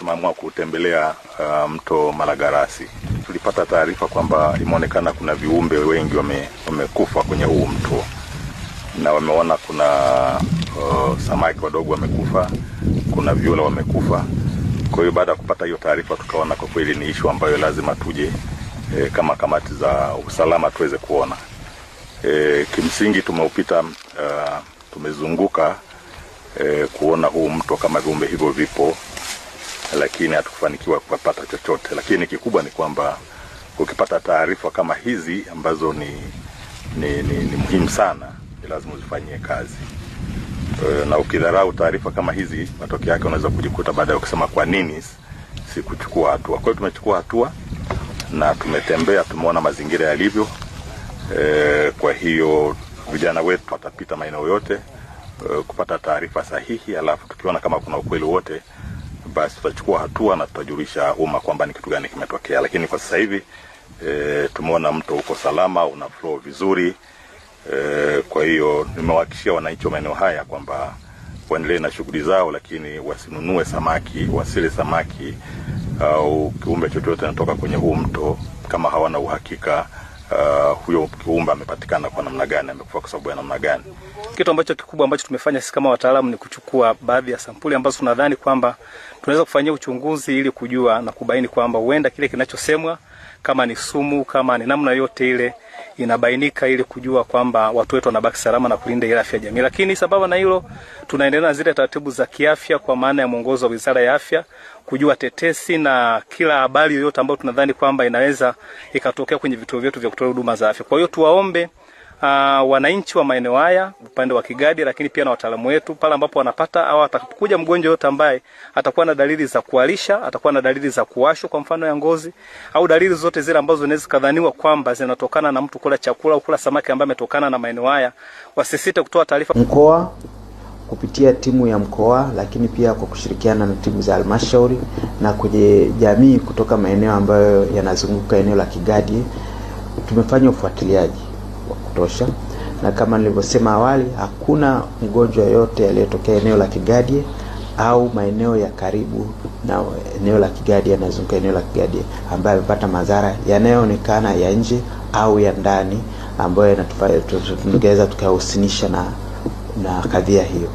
tumeamua kutembelea uh, mto Malagarasi. Tulipata taarifa kwamba imeonekana kuna viumbe wengi wame, wamekufa kwenye huu mto na wameona kuna uh, samaki wadogo wamekufa, kuna vyula wamekufa. Kwa hiyo baada ya kupata hiyo taarifa, tukaona kwa kweli ni ishu ambayo lazima tuje eh, kama kamati za usalama tuweze kuona eh, kimsingi tumeupita, uh, tumezunguka eh, kuona huu mto kama viumbe hivyo vipo lakini hatukufanikiwa kupata chochote. Lakini kikubwa ni kwamba ukipata taarifa kama hizi ambazo ni, ni, ni, ni muhimu sana, ni lazima uzifanyie kazi eh, na ukidharau taarifa kama hizi, matokeo yake unaweza kujikuta baadaye ukisema kwa nini si kuchukua hatua. Kwa hiyo tumechukua hatua na tumetembea, tumeona mazingira yalivyo. E, kwa hiyo vijana wetu watapita maeneo yote e, kupata taarifa sahihi, alafu tukiona kama kuna ukweli wote basi tutachukua hatua na tutajulisha umma kwamba ni kitu gani kimetokea. Lakini kwa sasa hivi e, tumeona mto uko salama, una flow vizuri e, kwa hiyo nimewahakikishia wananchi wa maeneo haya kwamba waendelee na shughuli zao, lakini wasinunue samaki, wasile samaki au kiumbe chochote anatoka kwenye huu mto kama hawana uhakika uh, huyo kiumbe amepatikana kwa namna gani, amekufa kwa sababu ya namna gani. Kitu ambacho kikubwa ambacho tumefanya sisi kama wataalamu ni kuchukua baadhi ya sampuli ambazo tunadhani kwamba tunaweza kufanyia uchunguzi ili kujua na kubaini kwamba huenda kile kinachosemwa kama ni sumu, kama ni namna yote ile inabainika ili kujua kwamba watu wetu wanabaki salama na kulinda ile afya ya jamii. Lakini sababu na hilo, tunaendelea na zile taratibu za kiafya kwa maana ya mwongozo wa Wizara ya Afya kujua tetesi na kila habari yoyote ambayo tunadhani kwamba inaweza ikatokea kwenye vituo vyetu vya kutoa huduma za afya. Kwa hiyo tuwaombe uh, wananchi wa maeneo haya upande wa Kigadi, lakini pia na wataalamu wetu pale ambapo wanapata au atakuja mgonjwa yote ambaye atakuwa na dalili za kualisha, atakuwa na dalili za kuwashwa kwa mfano ya ngozi au dalili zote zile ambazo zinaweza kadhaniwa kwamba zinatokana na mtu kula chakula au kula samaki ambaye ametokana na maeneo haya, wasisite kutoa taarifa mkoa kupitia timu ya mkoa, lakini pia kwa kushirikiana na timu za halmashauri na kwenye jamii kutoka maeneo ambayo yanazunguka eneo la Kigadi tumefanya ufuatiliaji kutosha, na kama nilivyosema awali, hakuna mgonjwa yoyote aliyetokea eneo la Kigadie au maeneo ya karibu na eneo la Kigadie yanazunguka eneo la Kigadie ambaye amepata madhara yanayoonekana ya nje au ya ndani ambayo tungeweza tukahusinisha na, na kadhia hiyo.